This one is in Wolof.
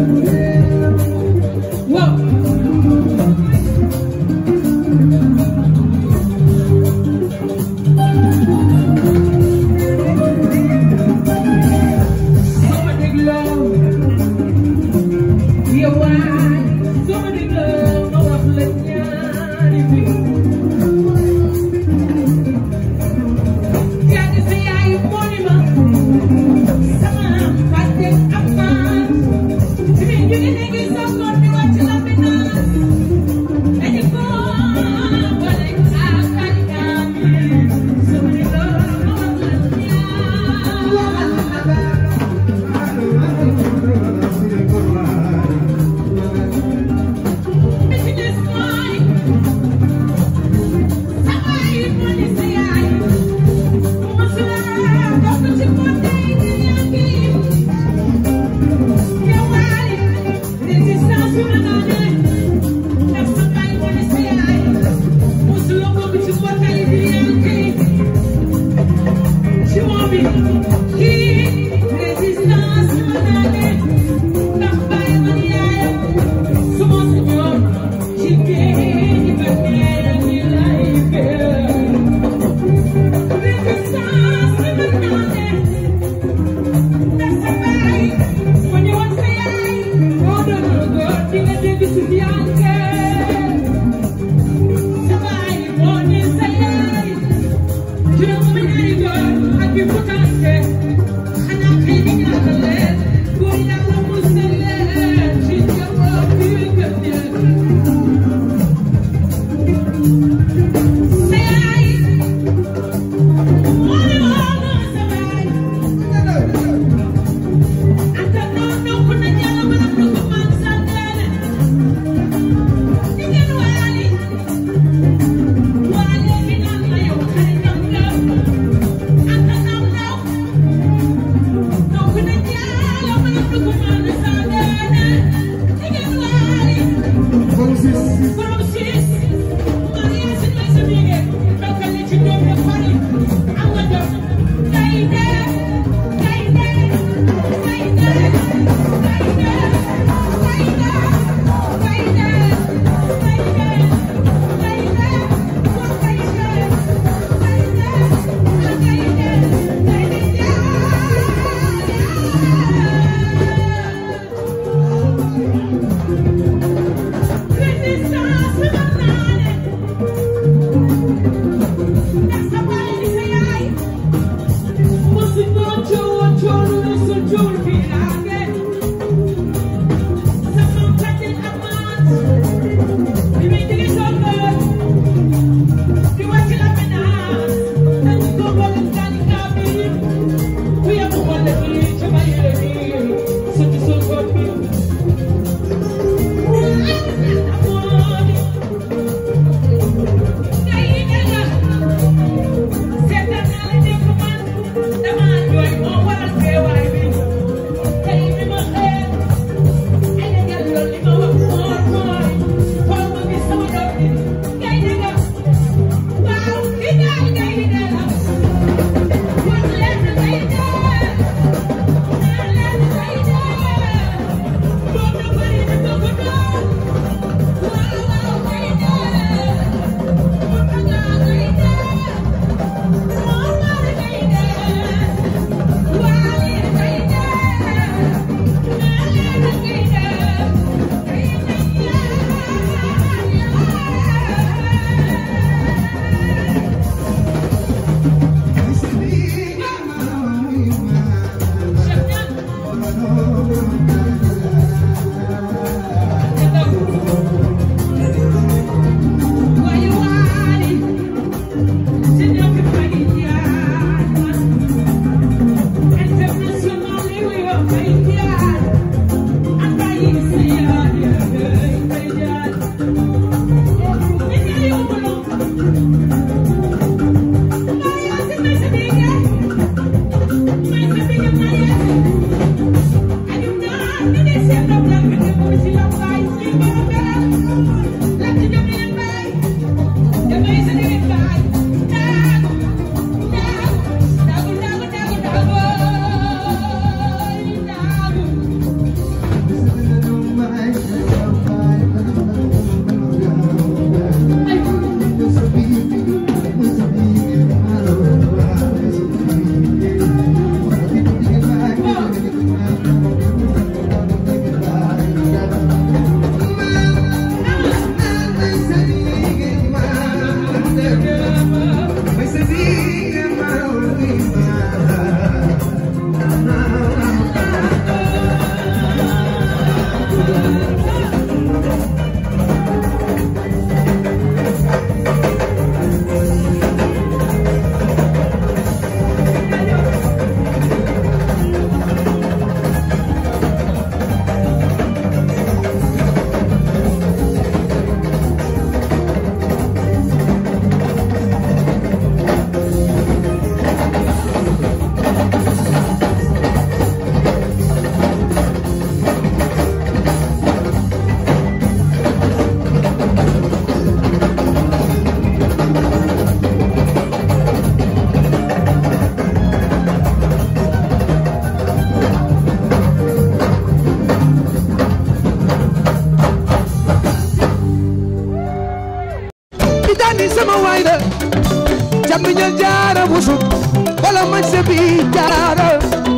Thank you. Thank you. cambiñal jaara busuk wala man se bi jaara